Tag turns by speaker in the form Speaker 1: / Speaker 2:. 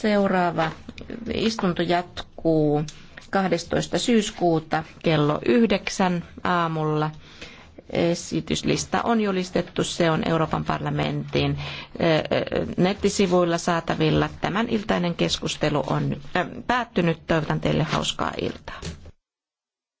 Speaker 1: Seuraava istunto jatkuu 12. syyskuuta kello 9 aamulla. Esityslista on julistettu, se on Euroopan parlamentin nettisivuilla saatavilla. Tämän iltainen keskustelu on päättynyt. Toivotan teille hauskaa iltaa.